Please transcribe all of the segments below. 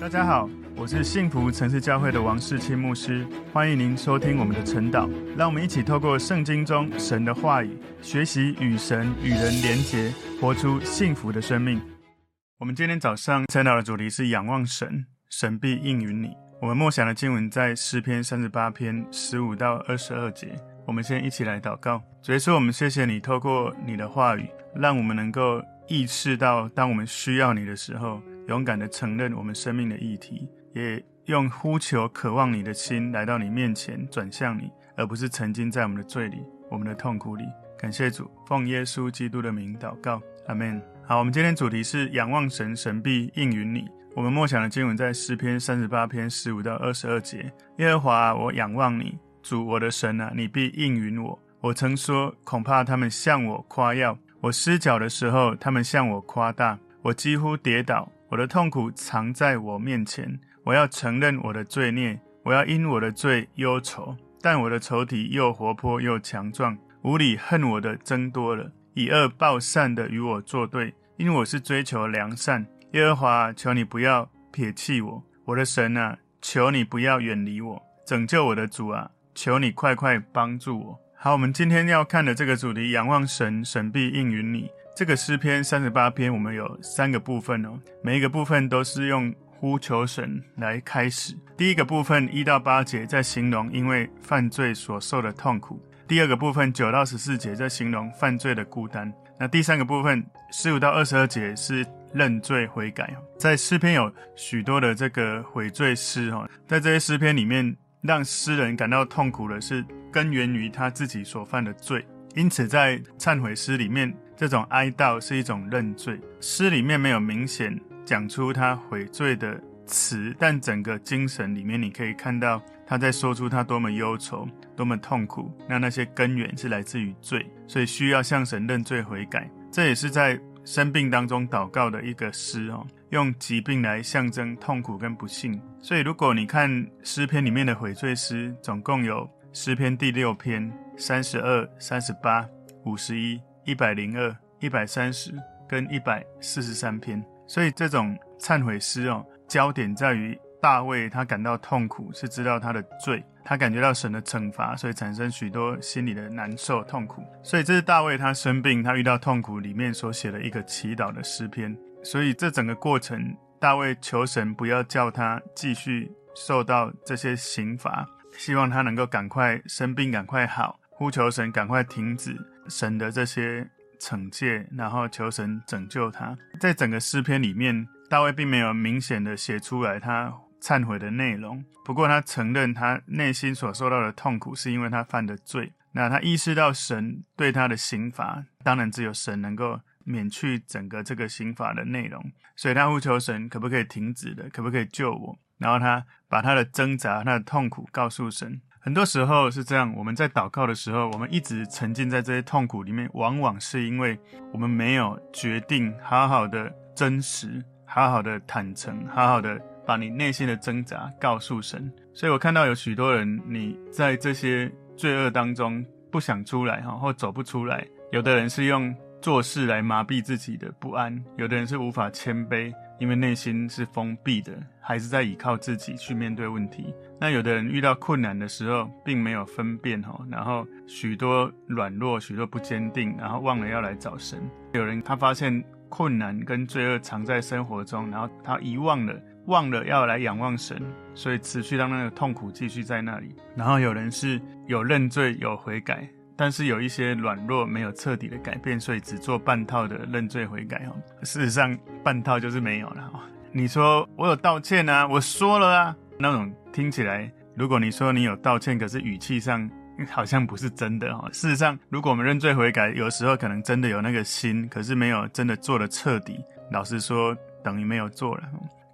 大家好，我是幸福城市教會的王世清牧師，歡迎您收聽我們的晨禱。讓我們一起透過聖經中神的話語，學習與神與人連結，活出幸福的生命。 我們今天早上晨禱的主題是仰望神，神必應允你。我們默想的經文在詩篇三十八篇十五到二十二節。我們先一起來禱告，主耶穌我們謝謝你透過你的話語，讓我們能夠意識到，當我們需要你的時候。勇敢地承認我們生命的議題，也用呼求、渴望你的心來到你面前，轉向你，而不是沉浸在我們的罪裡、我們的痛苦裡。感謝主，奉耶穌基督的名禱告，阿門。好，我們今天主題是仰望神，神必應允你。我們默想的經文在詩篇三十八篇十五到二十二節。耶和華啊，我仰望你，主我的神啊，你必應允我。我曾說，恐怕他們向我誇耀；我失腳的時候，他們向我誇大；我幾乎跌倒。我的痛苦藏在我面前，我要承認我的罪孽，我要因我的罪憂愁。但我的仇敵又活潑又強壯，無理恨我的增多了，以惡報善的與我作對，因為我是追求良善。耶和華，求你不要撇棄我，我的神啊，求你不要遠離我，拯救我的主啊，求你快快幫助我。好，我們今天要看的這個主題：仰望神，神必應允你。這個詩篇三十八篇，我們有三個部分哦。每一個部分都是用呼求神來開始。第一個部分一到八節，在形容因為犯罪所受的痛苦；第二個部分九到十四節，在形容犯罪的孤單；那第三個部分十五到二十二節是認罪悔改。在詩篇有許多的這個悔罪詩哦，在這些詩篇裡面，讓詩人感到痛苦的是根源於他自己所犯的罪。因此，在懺悔詩裡面，這種哀悼是一種認罪。詩裡面沒有明顯講出他悔罪的詞，但整個精神裡面，你可以看到他在說出他多麼憂愁、多麼痛苦。那那些根源是來自於罪，所以需要向神認罪悔改。這也是在生病當中禱告的一個詩哦，用疾病來象徵痛苦跟不幸。所以，如果你看詩篇裡面的悔罪詩，總共有。詩篇第六篇、三十二、三十八、五十一、一百零二、一百三十跟一百四十三篇，所以這種懺悔詩哦，焦點在於大衛他感到痛苦，是知道他的罪，他感覺到神的懲罰，所以產生許多心裡的難受痛苦。所以這是大衛他生病，他遇到痛苦裡面所寫的一個祈禱的詩篇。所以這整個過程，大衛求神不要叫他繼續受到這些刑罰。希望他能夠趕快生病，趕快好，呼求神趕快停止神的這些懲戒，然後求神拯救他。在整個詩篇裡面，大衛並沒有明顯的寫出來他懺悔的內容，不過他承認他內心所受到的痛苦是因為他犯的罪。那他意識到神對他的刑罰，當然只有神能夠免去整個這個刑罰的內容，所以他呼求神，可不可以停止的，可不可以救我？然後他把他的掙扎、他的痛苦告訴神。很多時候是這樣，我們在禱告的時候，我們一直沉浸在這些痛苦裡面，往往是因為我們沒有決定好好的真實、好好的坦誠、好好的把你內心的掙扎告訴神。所以我看到有許多人，你在這些罪惡當中不想出來哈，或走不出來。有的人是用做事來麻痹自己的不安，有的人是無法謙卑。因為內心是封閉的，還是在依靠自己去面對問題？那有的人遇到困難的時候，並沒有分辨，然後許多軟弱，許多不堅定，然後忘了要來找神。有人他發現困難跟罪惡藏在生活中，然後他遺忘了，忘了要來仰望神，所以持續讓那個痛苦繼續在那裡。然後有人是有認罪，有悔改。但是有一些軟弱沒有徹底的改變，所以只做半套的認罪悔改。事實上，半套就是沒有了。你說我有道歉啊？我說了啊。那種聽起來，如果你說你有道歉，可是語氣上好像不是真的。事實上，如果我們認罪悔改，有時候可能真的有那個心，可是沒有真的做的徹底。老實說，等於沒有做了。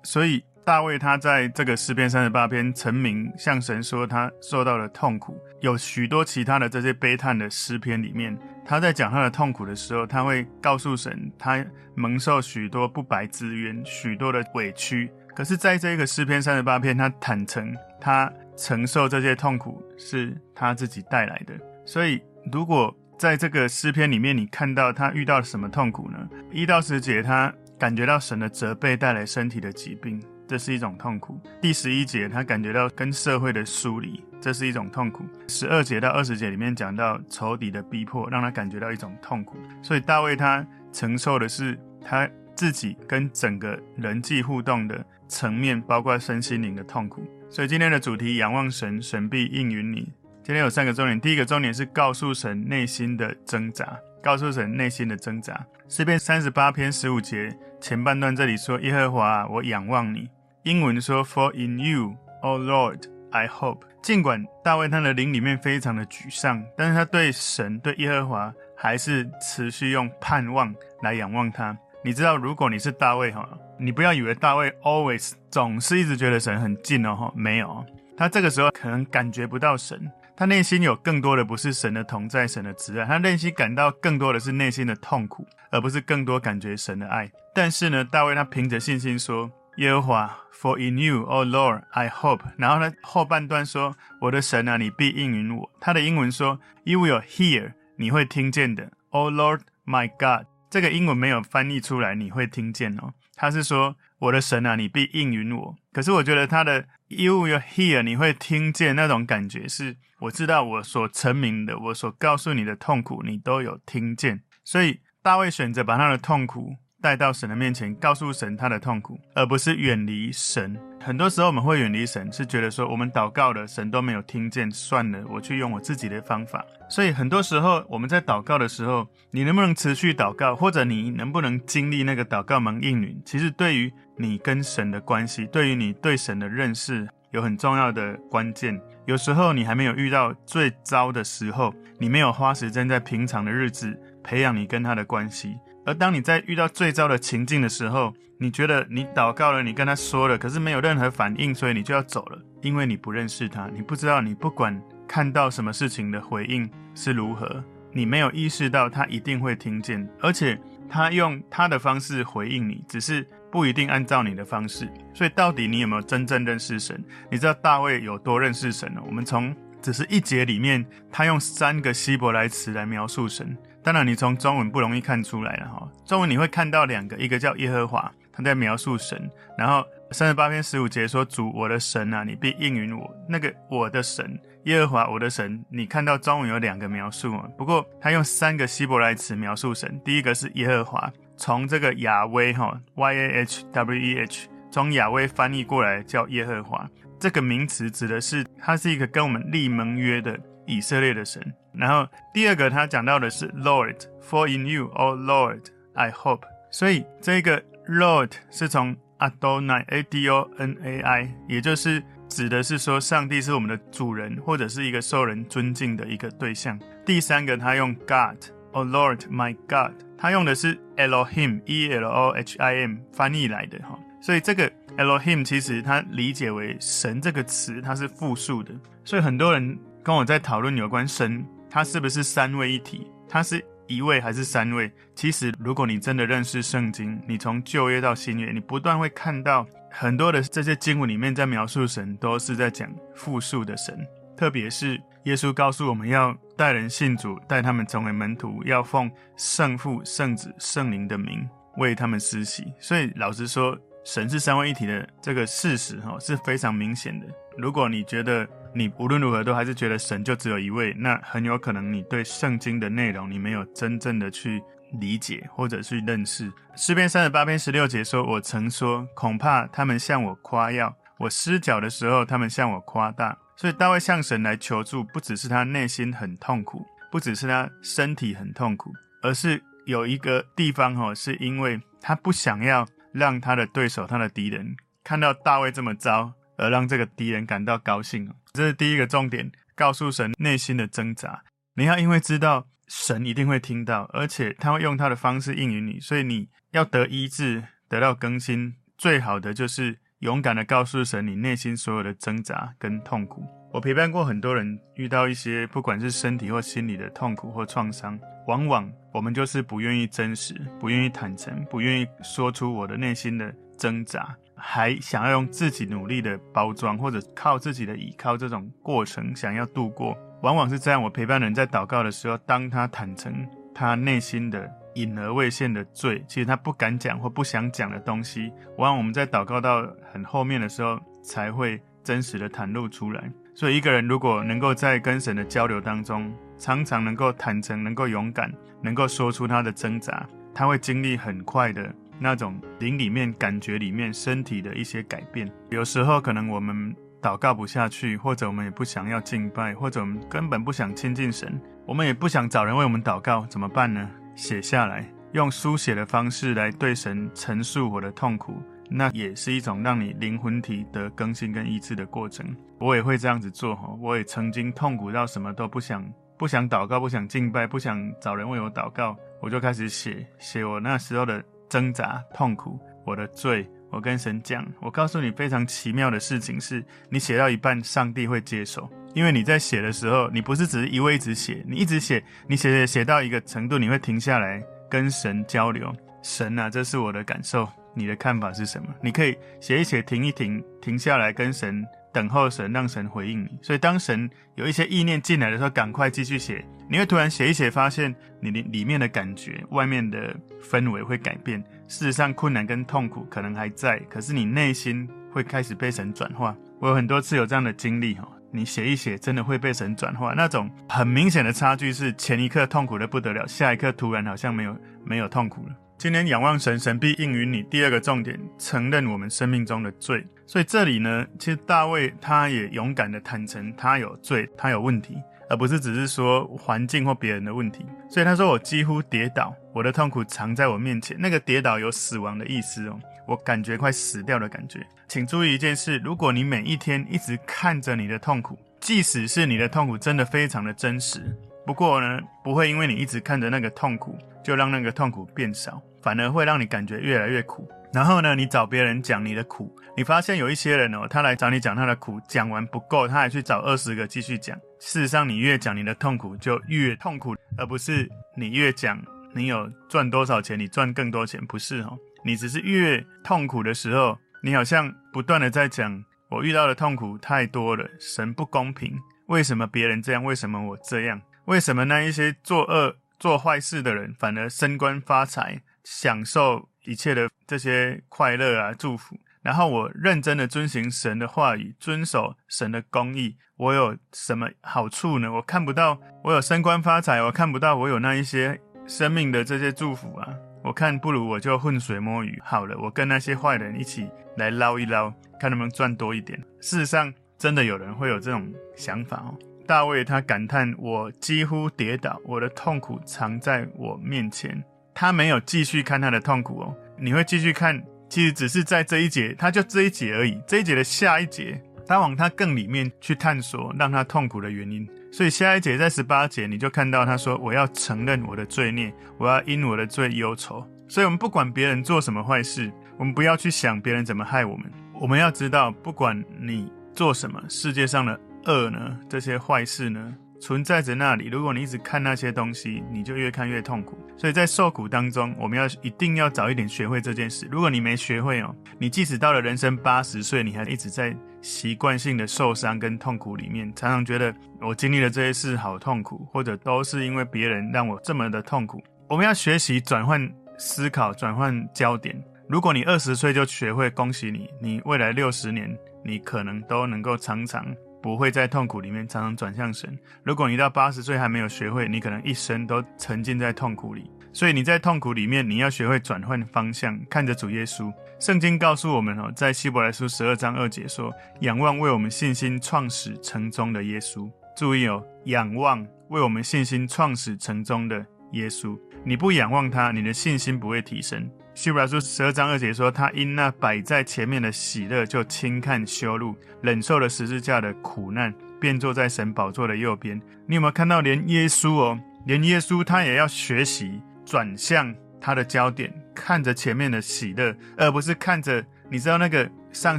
所以。大衛他在這個詩篇三十八篇成名，向神說他受到了痛苦。有許多其他的這些悲嘆的詩篇裡面，他在講他的痛苦的時候，他會告訴神，他蒙受許多不白之冤，許多的委屈。可是，在這個詩篇三十八篇，他坦承，他承受這些痛苦是他自己帶來的。所以，如果在這個詩篇裡面，你看到他遇到了什麼痛苦呢？一到十節，他感覺到神的責備帶來身體的疾病。這是一種痛苦。第十一節，他感覺到跟社會的疏離，這是一種痛苦。十二節到二十節裡面講到仇敵的逼迫，讓他感覺到一種痛苦。所以大衛他承受的是他自己跟整個人際互動的層面，包括身心靈的痛苦。所以今天的主題：仰望神，神必應允你。今天有三個重點，第一個重點是告訴神內心的掙扎，告訴神內心的掙扎。詩篇三十八篇十五節前半段這裡說：“耶和華啊，我仰望你。”英文說，For in you, O Lord, I hope。儘管大衛他的靈裡面非常的沮喪，但是他對神、對耶和華還是持續用盼望來仰望他。你知道，如果你是大衛哈，你不要以為大衛 always 總是一直覺得神很近哦，沒有，他這個時候可能感覺不到神，他內心有更多的不是神的同在、神的慈愛，他內心感到更多的是內心的痛苦，而不是更多感覺神的愛。但是呢，大衛他憑着信心說，耶和華，For in you, O Lord, I hope。然後呢，後半段說，我的神啊，你必應允我。他的英文說，You will hear，你會聽見的。O Lord, my God，這個英文沒有翻譯出來，你會聽見哦。他是說，我的神啊，你必應允我。可是我覺得他的 You will hear，你會聽見那種感覺是，我知道我所陳明的，我所告訴你的痛苦，你都有聽見。所以大衛選擇把他的痛苦帶到神的面前，告訴神他的痛苦，而不是遠離神。很多時候我們會遠離神，是覺得說我們禱告了，神都沒有聽見，算了，我去用我自己的方法。所以很多時候我們在禱告的時候，你能不能持續禱告，或者你能不能經歷那個禱告蒙應允？其實對於你跟神的關係，對於你對神的認識，有很重要的關鍵。有時候你還沒有遇到最糟的時候，你沒有花時間在平常的日子培養你跟他的關係。而當你在遇到最糟的情境的時候，你覺得你禱告了，你跟他說了，可是沒有任何反應，所以你就要走了，因為你不認識他，你不知道你不管看到什麼事情的回應是如何，你沒有意識到他一定會聽見，而且他用他的方式回應你，只是不一定按照你的方式。所以到底你有沒有真正認識神？你知道大衛有多認識神呢？我們從只是一節裡面，他用三個希伯來詞來描述神。當然，你從中文不容易看出來了哈。中文你會看到兩個，一個叫耶和華，他在描述神。然後三十八篇十五節說：“主，我的神啊，你必應允我。”那個我的神，耶和華，我的神。你看到中文有兩個描述啊，不過他用三個希伯來詞描述神。第一個是耶和華，從這個亞威哈、哦、Y-A-H-W-E-H、從亞威翻譯過來叫耶和華。這個名詞指的是他是一個跟我們立盟約的，以色列的神，然後第二個他講到的是 Lord, for in you, O Lord, I hope。所以這個 Lord 是從 Adonai, A D O N A I，也就是指的是說上帝是我們的主人，或者是一個受人尊敬的一個對象。第三個他用 God, O Lord, my God，他用的是 Elohim, E L O H I M 翻譯來的哈。所以這個 Elohim 其實他理解為神這個詞，它是複數的，所以很多人，跟我在討論有關神，它是不是三位一體？它是一位還是三位？其實，如果你真的認識聖經，你從舊約到新約，你不斷會看到很多的這些經文裡面在描述神，都是在講複數的神。特別是耶穌告訴我們要帶人信主，帶他們成為門徒，要奉聖父、聖子、聖靈的名為他們施洗。所以，老實說，神是三位一體的這個事實，哈，是非常明顯的。如果你覺得，你無論如何都還是覺得神就只有一位，那很有可能你對聖經的內容你沒有真正的去理解，或者去認識。詩篇三十八篇十六節說：“我曾說，恐怕他們向我誇耀；我失腳的時候，他們向我誇大。”所以大衛向神來求助，不只是他內心很痛苦，不只是他身體很痛苦，而是有一個地方吼、哦，是因為他不想要讓他的對手、他的敵人看到大衛這麼糟。而讓這個敵人感到高興。這是第一個重點。告訴神內心的掙扎，你要因為知道神一定會聽到，而且他會用他的方式應允你，所以你要得醫治，得到更新，最好的就是勇敢的告訴神你內心所有的掙扎跟痛苦。我陪伴過很多人遇到一些不管是身體或心理的痛苦或創傷，往往我們就是不願意真實，不願意坦誠，不願意說出我的內心的掙扎。還想要用自己努力的包裝，或者靠自己的倚靠這種過程，想要度過，往往是這樣。我陪伴人在禱告的時候，當他坦誠他內心的隱而未現的罪，其實他不敢講或不想講的東西，往往我們在禱告到很後面的時候，才會真實的袒露出來。所以，一個人如果能夠在跟神的交流當中，常常能夠坦誠、能夠勇敢、能夠說出他的掙扎，他會經歷很快的。那種靈裡面感覺裡面身體的一些改變，有時候可能我們禱告不下去，或者我們也不想要敬拜，或者我們根本不想親近神，我們也不想找人為我們禱告，怎麼辦呢？寫下來，用書寫的方式來對神陳述我的痛苦，那也是一種讓你靈魂體的更新跟醫治的過程。我也會這樣子做哈，我也曾經痛苦到什麼都不想，不想禱告，不想敬拜，不想找人為我禱告，我就開始寫寫我那時候的。掙扎、痛苦，我的罪，我跟神講。我告訴你非常奇妙的事情是，你寫到一半，上帝會接手，因為你在寫的時候，你不是只是一味一直寫，你一直寫，你寫寫寫到一個程度，你會停下來跟神交流。神啊，這是我的感受，你的看法是什麼？你可以寫一寫，停一停，停下來跟神等候神，讓神回應你。所以當神有一些意念進來的時候，趕快繼續寫。你會突然寫一寫，發現你裡裡面的感覺，外面的氛圍會改變。事實上，困難跟痛苦可能還在，可是你內心會開始被神轉化。我有很多次有這樣的經歷哈，你寫一寫，真的會被神轉化。那種很明顯的差距是，前一刻痛苦得不得了，下一刻突然好像沒有沒有痛苦了。今天仰望神，神必應允你。第二個重點，承認我們生命中的罪。所以這裡呢，其實大衛他也勇敢地坦誠，他有罪，他有問題。而不是只是說環境或別人的問題，所以他說，我幾乎跌倒，我的痛苦藏在我面前。那個跌倒有死亡的意思哦，我感覺快死掉的感覺。請注意一件事：如果你每一天一直看着你的痛苦，即使是你的痛苦真的非常的真實，不過呢，不會因為你一直看着那個痛苦，就讓那個痛苦變少，反而會讓你感覺越來越苦。然後呢，你找別人講你的苦，你發現有一些人哦，他來找你講他的苦，講完不夠，他還去找二十個繼續講。事實上，你越講你的痛苦就越痛苦，而不是你越講你有賺多少錢，你賺更多錢，不是哦。你只是越痛苦的時候，你好像不斷地在講，我遇到的痛苦太多了，神不公平，為什麼別人這樣？為什麼我這樣？為什麼那一些做惡、做壞事的人反而升官發財，享受？一切的這些快樂啊，祝福，然後我認真的遵行神的話語，遵守神的公義，我有什麼好處呢？我看不到，我有升官發財，我看不到，我有那一些生命的這些祝福啊，我看不如我就渾水摸魚好了，我跟那些壞人一起來撈一撈，看能不能賺多一點。事實上，真的有人會有這種想法哦。大衛他感嘆：我幾乎跌倒，我的痛苦藏在我面前。他沒有繼續看他的痛苦哦，你會繼續看。其實只是在這一節，他就這一節而已。這一節的下一節，他往他更裡面去探索，讓他痛苦的原因。所以下一節在十八節，你就看到他說：“我要承認我的罪孽，我要因我的罪憂愁。”所以，我們不管別人做什麼壞事，我們不要去想別人怎麼害我們。我們要知道，不管你做什麼，世界上的惡呢，這些壞事呢，存在着那裡。如果你一直看那些東西，你就越看越痛苦。所以在受苦當中，我們要一定要早一點學會這件事。如果你沒學會哦，你即使到了人生八十歲，你還一直在習慣性的受傷跟痛苦裡面，常常覺得我經歷了這些事好痛苦，或者都是因為別人讓我這麼的痛苦。我們要學習轉換思考，轉換焦點。如果你二十歲就學會，恭喜你，你未來六十年你可能都能夠常常。不會在痛苦裡面，常常轉向神。如果你到八十歲還沒有學會，你可能一生都沉浸在痛苦裡。所以你在痛苦裡面，你要學會轉換方向，看着主耶穌。聖經告訴我們哦，在希伯來書十二章二節說：“仰望為我們信心創始成終的耶穌。”注意哦，仰望為我們信心創始成終的耶穌。你不仰望他，你的信心不會提升。希伯來書十二章二節說：“他因那擺在前面的喜樂，就輕看羞辱，忍受了十字架的苦難，便坐在神寶座的右邊。”你有沒有看到，連耶穌哦，連耶穌他也要學習轉向他的焦點，看着前面的喜樂，而不是看着你知道那個上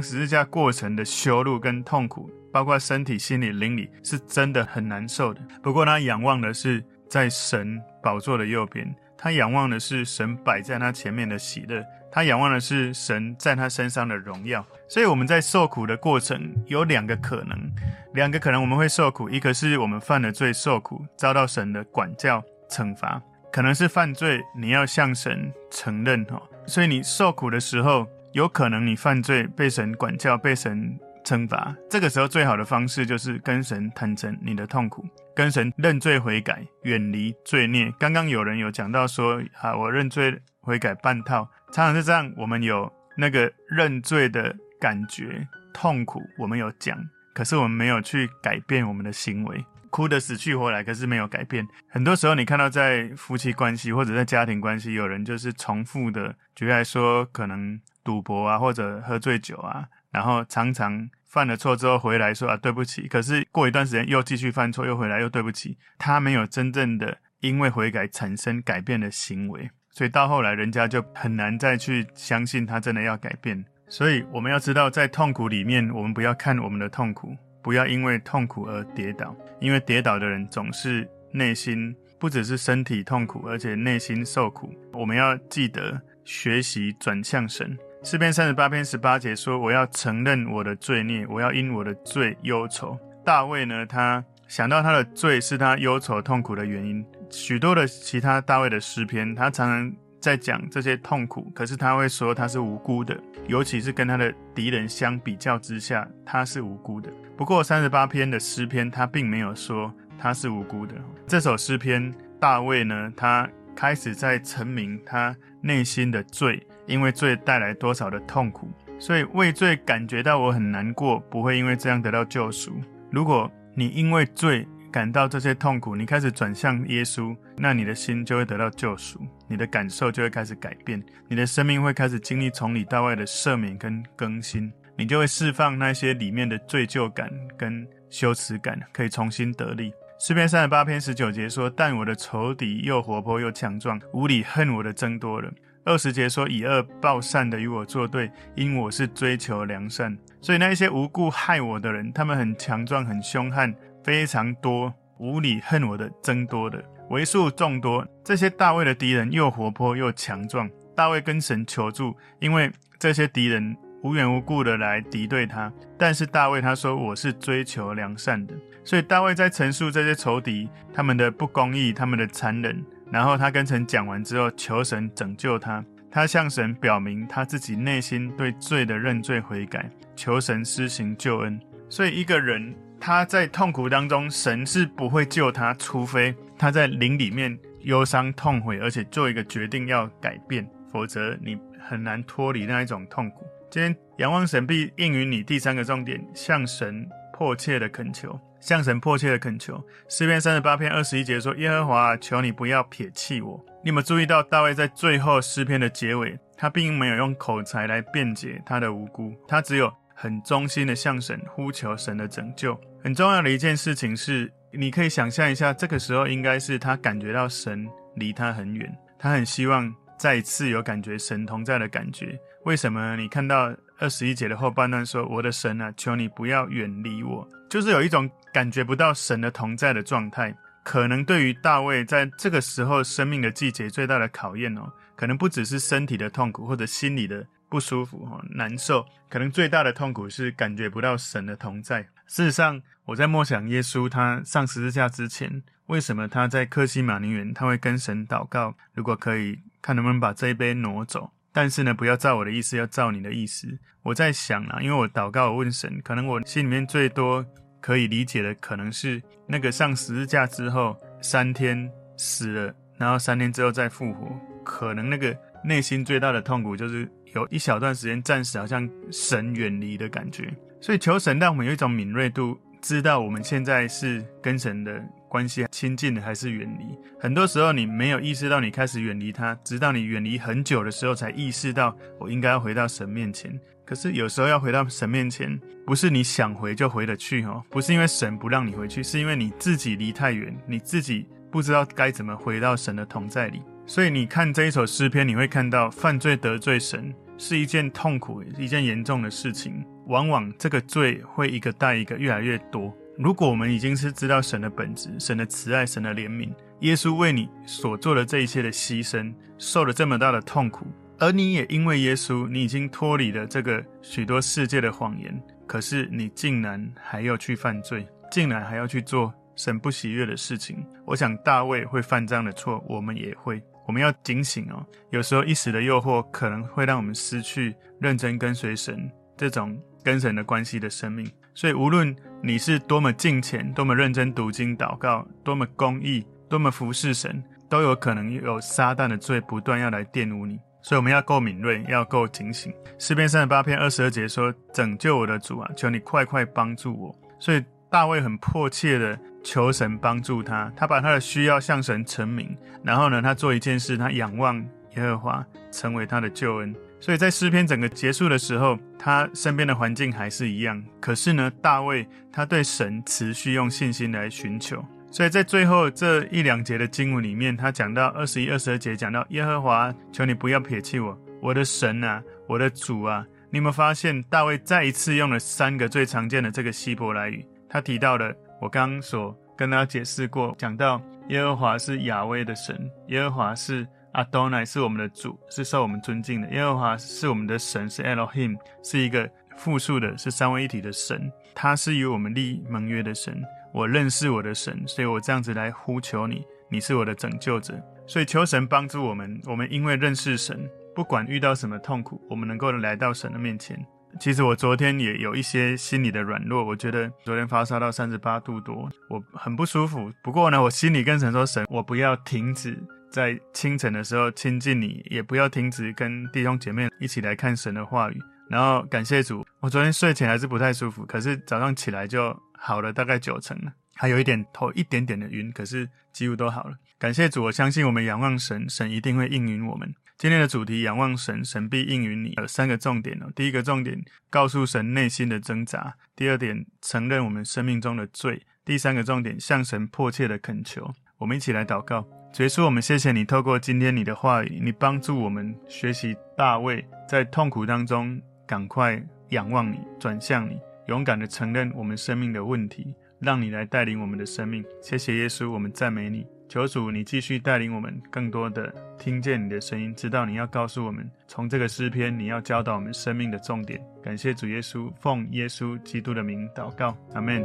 十字架過程的羞辱跟痛苦，包括身體、心理、靈裡，是真的很難受的。不過他仰望的是在神寶座的右邊。他仰望的是神擺在他前面的喜樂，他仰望的是神在他身上的榮耀。所以我們在受苦的過程有兩個可能，兩個可能我們會受苦，一個是我們犯了罪受苦，遭到神的管教懲罰，可能是犯罪，你要向神承認哦，所以你受苦的時候，有可能你犯罪被神管教，被神懲罰。這個時候最好的方式就是跟神坦誠你的痛苦。跟神認罪悔改，遠離罪孽。剛剛有人有講到說，啊，我認罪悔改半套，常常是這樣。我們有那個認罪的感覺、痛苦，我們有講，可是我們沒有去改變我們的行為，哭得死去活來，可是沒有改變。很多時候，你看到在夫妻關係或者在家庭關係，有人就是重複的，舉例來說，可能賭博啊，或者喝醉酒啊，然後常常。犯了錯之後回來說啊，對不起，可是過一段時間又繼續犯錯，又回來又對不起，他沒有真正的因為悔改產生改變的行為，所以到後來人家就很難再去相信他真的要改變。所以我們要知道，在痛苦裡面，我們不要看我們的痛苦，不要因為痛苦而跌倒，因為跌倒的人總是內心，不只是身體痛苦，而且內心受苦。我們要記得學習轉向神。詩篇三十八篇十八節說：“我要承認我的罪孽，我要因我的罪憂愁。”大衛呢，他想到他的罪是他憂愁痛苦的原因。許多的其他大衛的詩篇，他常常在講這些痛苦，可是他會說他是無辜的，尤其是跟他的敵人相比較之下，他是無辜的。不過三十八篇的詩篇，他並沒有說他是無辜的。這首詩篇，大衛呢，他開始在承認他內心的罪。因為罪帶來多少的痛苦，所以為罪感覺到我很難過，不會因為這樣得到救贖。如果你因為罪感到這些痛苦，你開始轉向耶穌，那你的心就會得到救贖，你的感受就會開始改變，你的生命會開始經歷從裡到外的赦免跟更新，你就會釋放那些裡面的罪疚感跟羞恥感，可以重新得力。詩篇三十八篇十九節說：“但我的仇敵又活潑又強壯，無理恨我的增多了。”二十節說以惡報善的與我作對，因我是追求良善，所以那一些無故害我的人，他們很強壯、很凶悍，非常多，無理恨我的增多的，為數眾多。這些大衛的敵人又活潑又強壯。大衛跟神求助，因為這些敵人無緣無故的來敵對他。但是大衛他說，我是追求良善的，所以大衛在陳述這些仇敵，他們的不公義、他們的殘忍。然後他跟神講完之後，求神拯救他。他向神表明他自己內心對罪的認罪悔改，求神施行救恩。所以一個人他在痛苦當中，神是不會救他，除非他在靈裡面憂傷痛悔，而且做一個決定要改變，否則你很難脫離那一種痛苦。今天仰望神必應允你。第三個重點，向神迫切的懇求。向神迫切的懇求，詩篇三十八篇二十一節說：“耶和華，求你不要撇棄我。”你有沒有注意到大衛在最後詩篇的結尾，他並沒有用口才來辯解他的無辜，他只有很忠心的向神呼求神的拯救。很重要的一件事情是，你可以想象一下，這個時候應該是他感覺到神離他很遠，他很希望再一次有感覺神同在的感覺。為什麼？你看到？二十一節的後半段說：“我的神啊，求你不要遠離我。”就是有一種感覺不到神的同在的狀態。可能對於大衛在這個時候生命的季節最大的考驗哦，可能不只是身體的痛苦或者心裡的不舒服哦，難受。可能最大的痛苦是感覺不到神的同在。事實上，我在默想耶穌他上十字架之前，為什麼他在客西馬尼園他會跟神禱告？如果可以，看能不能把這一杯挪走。但是呢，不要照我的意思，要照你的意思。我在想啦，因為我禱告，我問神，可能我心裡面最多可以理解的，可能是那個上十字架之後三天死了，然後三天之後再復活，可能那個內心最大的痛苦就是有一小段時間暫時好像神遠離的感覺。所以求神讓我們有一種敏銳度。知道我們現在是跟神的關係親近的還是遠離？很多時候你沒有意識到你開始遠離他，直到你遠離很久的時候才意識到我應該要回到神面前。可是有時候要回到神面前，不是你想回就回得去哦，不是因為神不讓你回去，是因為你自己離太遠，你自己不知道該怎麼回到神的同在裡。所以你看這一首詩篇，你會看到犯罪得罪神。是一件痛苦、一件嚴重的事情。往往這個罪會一個帶一個，越來越多。如果我們已經是知道神的本質、神的慈愛、神的憐憫，耶穌為你所做的這一切的犧牲，受了這麼大的痛苦，而你也因為耶穌，你已經脫離了這個許多世界的謊言。可是你竟然還要去犯罪，竟然還要去做神不喜悅的事情。我想大衛會犯這樣的錯，我們也會。我們要警醒哦，有時候一時的誘惑可能會讓我們失去認真跟隨神這種跟神的關係的生命。所以，無論你是多麼敬虔、多麼認真讀經禱告、多麼公義、多麼服侍神，都有可能有撒旦的罪不斷要來玷汙你。所以，我們要夠敏銳，要夠警醒。詩篇三十八篇二十二節說：“拯救我的主啊，求你快快幫助我。”所以，大衛很迫切的。求神幫助他，他把他的需要向神陳明。然後呢，他做一件事，他仰望耶和華，成為他的救恩。所以在詩篇整個結束的時候，他身邊的環境還是一樣，可是呢，大衛他對神持續用信心來尋求。所以在最後這一兩節的經文裡面，他講到二十一、二十二節，講到耶和華，求你不要撇棄我，我的神啊，我的主啊。你有沒有發現，大衛再一次用了三個最常見的這個希伯來語，他提到了。我剛剛所跟大家解釋過，講到耶和華是亞威的神，耶和華是阿多乃，是我們的主，是受我們尊敬的。耶和華是我們的神，是 Elohim，是一個複數的，是三位一體的神。他是與我們立盟約的神。我認識我的神，所以我這樣子來呼求你，你是我的拯救者。所以求神幫助我們，我們因為認識神，不管遇到什麼痛苦，我們能夠來到神的面前。其實我昨天也有一些心裡的軟弱，我覺得昨天發燒到三十八度多，我很不舒服。不過呢，我心裡跟神說：“神，我不要停止在清晨的時候親近你，也不要停止跟弟兄姐妹一起來看神的話語。”然後感謝主，我昨天睡前還是不太舒服，可是早上起來就好了，大概九成了，還有一點頭一點點的暈，可是幾乎都好了。感謝主，我相信我們仰望神，神一定會應允我們。今天的主題仰望神，神必應允你。有三個重點哦，第一個重點，告訴神內心的掙扎；第二點，承認我們生命中的罪；第三個重點，向神迫切的懇求。我們一起來禱告。耶穌，我們謝謝你，透過今天你的話語，你幫助我們學習大衛在痛苦當中趕快仰望你，轉向你，勇敢的承認我們生命的問題，讓你來帶領我們的生命。謝謝耶穌，我們讚美你。求主，你繼續帶領我們，更多的聽見你的聲音，知道你要告訴我們。從這個詩篇，你要教導我們生命的重點。感謝主耶穌，奉耶穌基督的名禱告，阿門。